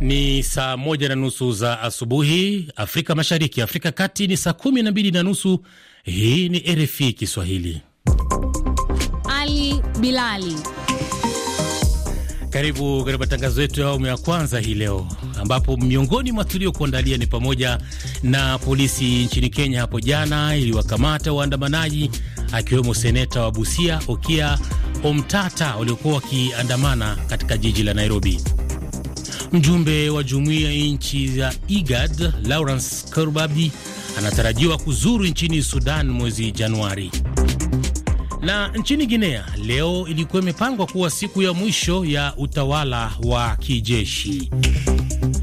Ni saa moja na nusu za asubuhi Afrika Mashariki, Afrika Kati ni saa kumi na mbili na nusu. Hii ni RFI Kiswahili. Ali Bilali karibu katika matangazo yetu ya awamu ya kwanza hii leo, ambapo miongoni mwa tuliokuandalia ni pamoja na polisi nchini Kenya hapo jana iliwakamata waandamanaji akiwemo seneta wa Busia Okia Omtata waliokuwa wakiandamana katika jiji la Nairobi. Mjumbe wa jumuiya ya nchi za IGAD Lawrence Kurbabi anatarajiwa kuzuru nchini Sudan mwezi Januari. Na nchini Guinea leo ilikuwa imepangwa kuwa siku ya mwisho ya utawala wa kijeshi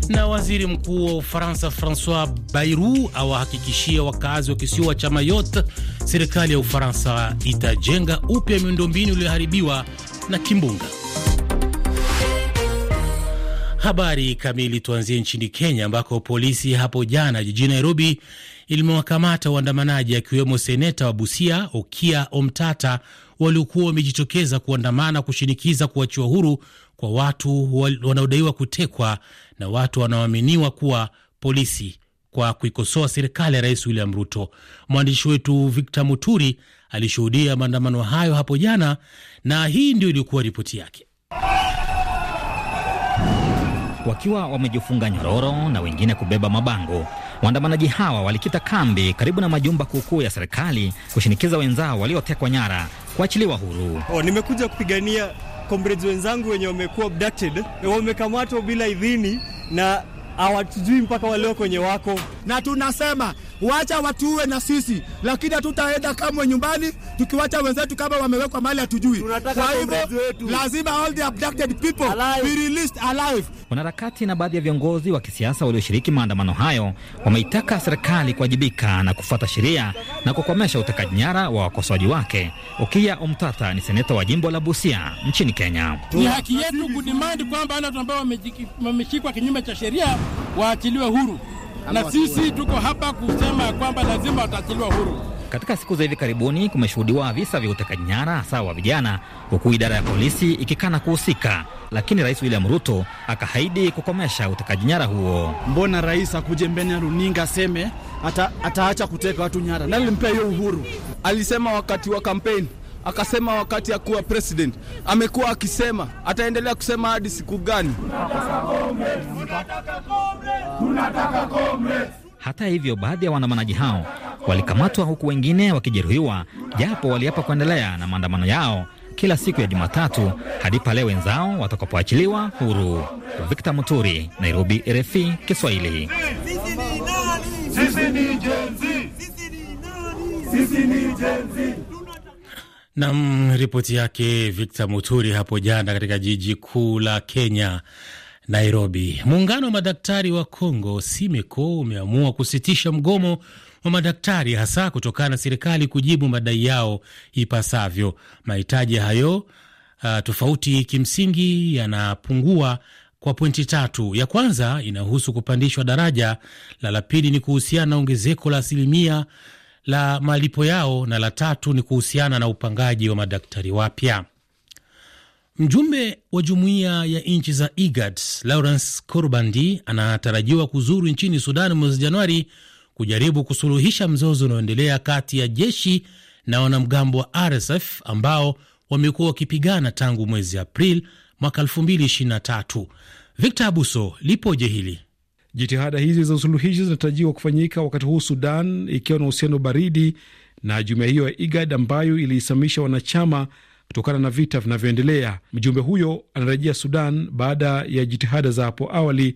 na waziri mkuu wa Ufaransa Francois Bayrou awahakikishia wakazi wa kisiwa cha Mayotte serikali ya Ufaransa itajenga upya miundombinu iliyoharibiwa na kimbunga. Habari kamili tuanzie nchini Kenya ambako polisi hapo jana jijini Nairobi limewakamata waandamanaji akiwemo seneta wa Busia Okia Omtata waliokuwa wamejitokeza kuandamana kushinikiza kuachiwa huru kwa watu wanaodaiwa kutekwa na watu wanaoaminiwa kuwa polisi kwa kuikosoa serikali ya Rais William Ruto. Mwandishi wetu Victor Muturi alishuhudia maandamano hayo hapo jana na hii ndio ilikuwa ripoti yake wakiwa wamejifunga nyororo na wengine kubeba mabango. Waandamanaji hawa walikita kambi karibu na majumba kuukuu ya serikali kushinikiza wenzao waliotekwa nyara kuachiliwa huru. Oh, nimekuja kupigania comrades wenzangu wenye wamekuwa abducted, wamekamatwa bila idhini na hawatujui mpaka waleo kwenye wako, na tunasema wacha watuue na sisi, lakini hatutaenda kamwe nyumbani tukiwacha wenzetu kama wamewekwa mahali hatujui. Kwa hivyo lazima all the abducted people be released alive. Wanaharakati na baadhi ya viongozi wa kisiasa walioshiriki maandamano hayo wameitaka serikali kuwajibika na kufuata sheria na kukomesha utekaji nyara wa wakosoaji wake. ukia Omtata ni seneta wa jimbo la Busia nchini Kenya. Ni haki yetu kudimandi kwamba watu ambao wameshikwa kinyume cha sheria waachiliwe huru na sisi tuko hapa kusema ya kwamba lazima wataachiliwa huru. Katika siku za hivi karibuni kumeshuhudiwa visa vya utekaji nyara hasa wa vijana, huku idara ya polisi ikikana kuhusika, lakini Rais William Ruto akahaidi kukomesha utekaji nyara huo. Mbona rais akuje mbele ya runinga aseme ataacha kuteka watu nyara? Nani alimpea hiyo uhuru? Alisema wakati wa kampeni akasema wakati akuwa president, amekuwa akisema, ataendelea kusema hadi siku gani? Hata hivyo, baadhi ya waandamanaji hao walikamatwa huku wengine wakijeruhiwa, japo waliapa kuendelea na maandamano yao kila siku ya Jumatatu hadi pale wenzao watakapoachiliwa huru. Victor Muturi, Nairobi, RFI Kiswahili. Sisi ni Sisi ni nani? Sisi ni Nam, ripoti yake Victor Muturi hapo jana katika jiji kuu la Kenya, Nairobi. Muungano wa madaktari wa congo Simeko umeamua kusitisha mgomo wa madaktari, hasa kutokana na serikali kujibu madai yao ipasavyo. Mahitaji hayo uh, tofauti kimsingi yanapungua kwa pointi tatu. Ya kwanza inahusu kupandishwa daraja la la pili ni kuhusiana na ongezeko la asilimia la malipo yao na la tatu ni kuhusiana na upangaji wa madaktari wapya. Mjumbe wa jumuiya ya nchi za IGAD Lawrence Corbandi anatarajiwa kuzuru nchini Sudan mwezi Januari kujaribu kusuluhisha mzozo unaoendelea kati ya jeshi na wanamgambo wa RSF ambao wamekuwa wakipigana tangu mwezi april mwaka 2023. Victor Abuso, lipoje hili? Jitihada hizi za usuluhishi zinatarajiwa kufanyika wakati huu Sudan ikiwa na uhusiano baridi na jumuiya hiyo ya IGAD ambayo iliisamisha wanachama kutokana na vita vinavyoendelea. Mjumbe huyo anarejea Sudan baada ya jitihada za hapo awali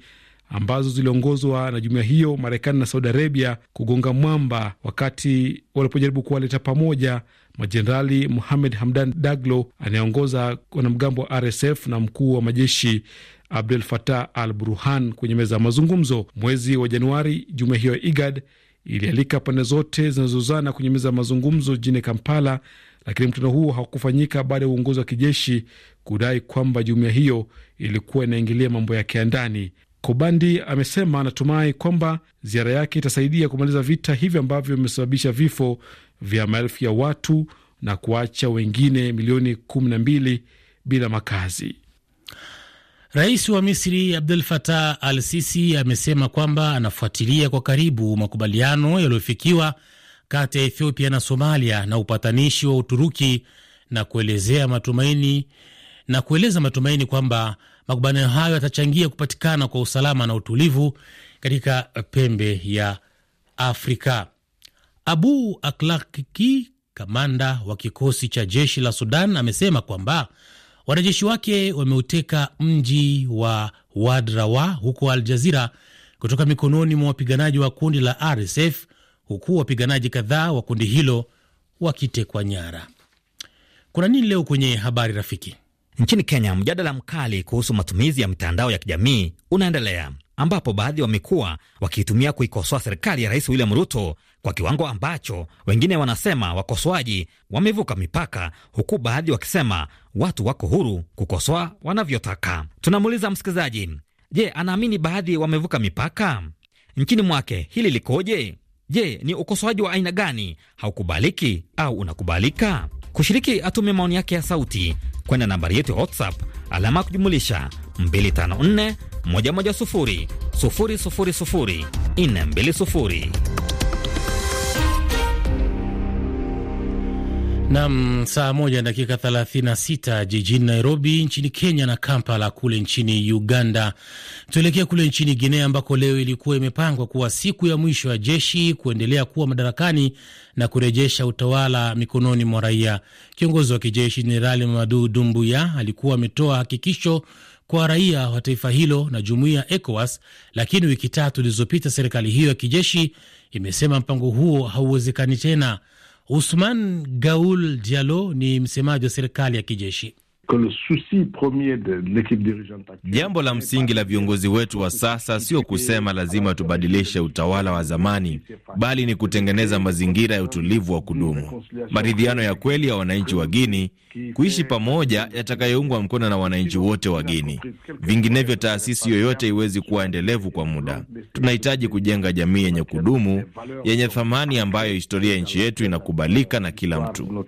ambazo ziliongozwa na jumuiya hiyo, Marekani na Saudi Arabia kugonga mwamba wakati walipojaribu kuwaleta pamoja majenerali muhamed Hamdan Daglo anayeongoza wanamgambo wa RSF na mkuu wa majeshi abdul fatah al Burhan kwenye meza ya mazungumzo. Mwezi wa Januari, jumuiya hiyo ya IGAD ilialika pande zote zinazozana kwenye meza ya mazungumzo jijini Kampala, lakini mkutano huo haukufanyika baada ya uongozi wa kijeshi kudai kwamba jumuiya hiyo ilikuwa inaingilia mambo yake ya ndani. Kobandi amesema anatumai kwamba ziara yake itasaidia kumaliza vita hivyo ambavyo vimesababisha vifo vya maelfu ya watu na kuacha wengine milioni 12 bila makazi. Rais wa Misri Abdel Fattah Al Sisi amesema kwamba anafuatilia kwa karibu makubaliano yaliyofikiwa kati ya Ethiopia na Somalia na upatanishi wa Uturuki na kuelezea matumaini na kueleza matumaini kwamba makubaliano hayo yatachangia kupatikana kwa usalama na utulivu katika pembe ya Afrika. Abu aklakki kamanda wa kikosi cha jeshi la Sudan, amesema kwamba Wanajeshi wake wameuteka mji wa Wadrawa huko Aljazira kutoka mikononi mwa wapiganaji wa kundi la RSF huku wapiganaji kadhaa wa kundi hilo wakitekwa nyara. Kuna nini leo kwenye habari rafiki? Nchini Kenya, mjadala mkali kuhusu matumizi ya mitandao ya kijamii unaendelea ambapo baadhi wamekuwa wakiitumia kuikosoa serikali ya Rais William Ruto kwa kiwango ambacho wengine wanasema wakosoaji wamevuka mipaka, huku baadhi wakisema watu wako huru kukosoa wanavyotaka. Tunamuuliza msikilizaji, je, anaamini baadhi wamevuka mipaka nchini mwake? Hili likoje? Je, ni ukosoaji wa aina gani haukubaliki au unakubalika? Kushiriki, atume maoni yake ya sauti kwenda nambari yetu ya WhatsApp alama ya kujumulisha 254 110 000 sufuri. Nam, saa moja na dakika 36 jijini Nairobi nchini Kenya na Kampala kule nchini Uganda. Tuelekea kule nchini Guinea ambako leo ilikuwa imepangwa kuwa siku ya mwisho ya jeshi kuendelea kuwa madarakani na kurejesha utawala mikononi mwa raia. Kiongozi wa kijeshi Jenerali Mamadu Dumbuya alikuwa ametoa hakikisho kwa raia wa taifa hilo na jumuiya ya ECOWAS, lakini wiki tatu zilizopita serikali hiyo ya kijeshi imesema mpango huo hauwezekani tena. Usman Gaul Diallo ni msemaji wa serikali ya kijeshi. Jambo la msingi la viongozi wetu wa sasa sio kusema lazima tubadilishe utawala wa zamani, bali ni kutengeneza mazingira ya utulivu wa kudumu, maridhiano ya kweli ya wananchi wa gini kuishi pamoja, yatakayoungwa mkono na wananchi wote wa gini Vinginevyo, taasisi yoyote iwezi kuwa endelevu kwa muda. Tunahitaji kujenga jamii yenye kudumu, yenye thamani, ambayo historia ya nchi yetu inakubalika na kila mtu.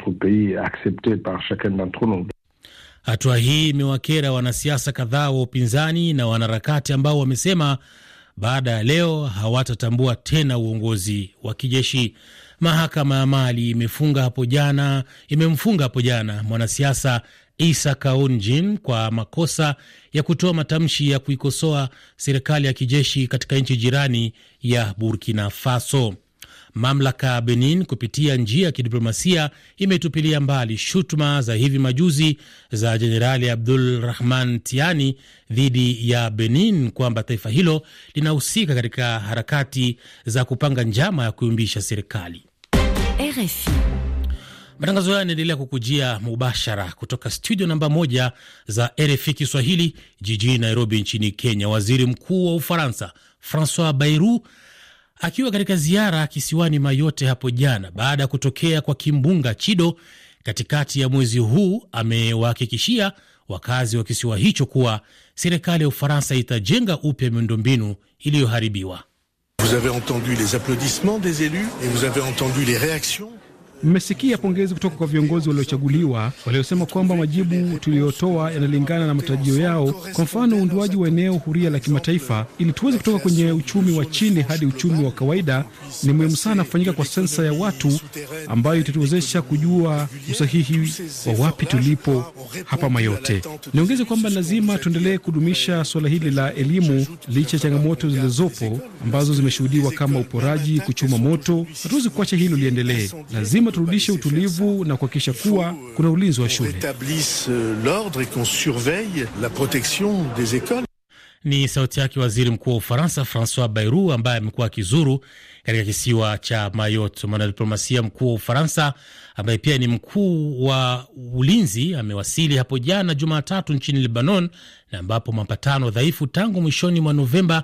Hatua hii imewakera wanasiasa kadhaa wa upinzani na wanaharakati ambao wamesema baada ya leo hawatatambua tena uongozi wa kijeshi. Mahakama ya Mali imefunga hapo jana, imemfunga hapo jana mwanasiasa Isa Kaunjin kwa makosa ya kutoa matamshi ya kuikosoa serikali ya kijeshi katika nchi jirani ya Burkina Faso. Mamlaka ya Benin kupitia njia ya kidiplomasia imetupilia mbali shutuma za hivi majuzi za Jenerali Abdul Rahman Tiani dhidi ya Benin kwamba taifa hilo linahusika katika harakati za kupanga njama ya kuyumbisha serikali. RFI. Matangazo haya yanaendelea kukujia mubashara kutoka studio namba moja za RFI Kiswahili jijini Nairobi nchini Kenya. Waziri Mkuu wa Ufaransa Francois Bayrou akiwa katika ziara kisiwani Mayotte hapo jana baada ya kutokea kwa kimbunga Chido katikati ya mwezi huu, amewahakikishia wakazi wa kisiwa hicho kuwa serikali ya Ufaransa itajenga upya miundombinu iliyoharibiwa. Vous avez entendu les applaudissements des élus et vous avez entendu les réactions Mmesikia pongezi kutoka kwa viongozi waliochaguliwa waliosema kwamba majibu tuliyotoa yanalingana na matarajio yao. Kwa mfano, uunduaji wa eneo huria la kimataifa ili tuweze kutoka kwenye uchumi wa chini hadi uchumi wa kawaida, ni muhimu sana kufanyika kwa sensa ya watu ambayo itatuwezesha kujua usahihi wa wapi tulipo hapa Mayote. Niongeze kwamba lazima tuendelee kudumisha suala hili la elimu licha ya changamoto zilizopo ambazo zimeshuhudiwa kama uporaji, kuchuma moto. Hatuwezi kuacha hilo liendelee, lazima lazima turudishe utulivu na kuhakikisha kuwa kuna ulinzi wa shule. Ni sauti yake waziri mkuu wa Ufaransa Francois Bayrou ambaye amekuwa akizuru katika kisiwa cha Mayotte. Mwanadiplomasia mkuu wa Ufaransa ambaye pia ni mkuu wa ulinzi amewasili hapo jana Jumatatu nchini Lebanon, na ambapo mapatano dhaifu tangu mwishoni mwa Novemba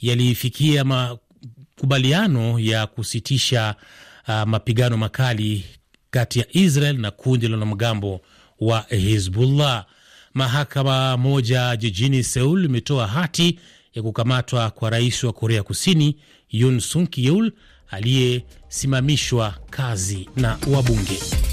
yalifikia makubaliano ya kusitisha uh, mapigano makali kati ya Israel na kundi la wanamgambo wa Hizbullah. Mahakama moja jijini Seul imetoa hati ya kukamatwa kwa rais wa Korea Kusini Yoon Suk Yeol aliyesimamishwa kazi na wabunge.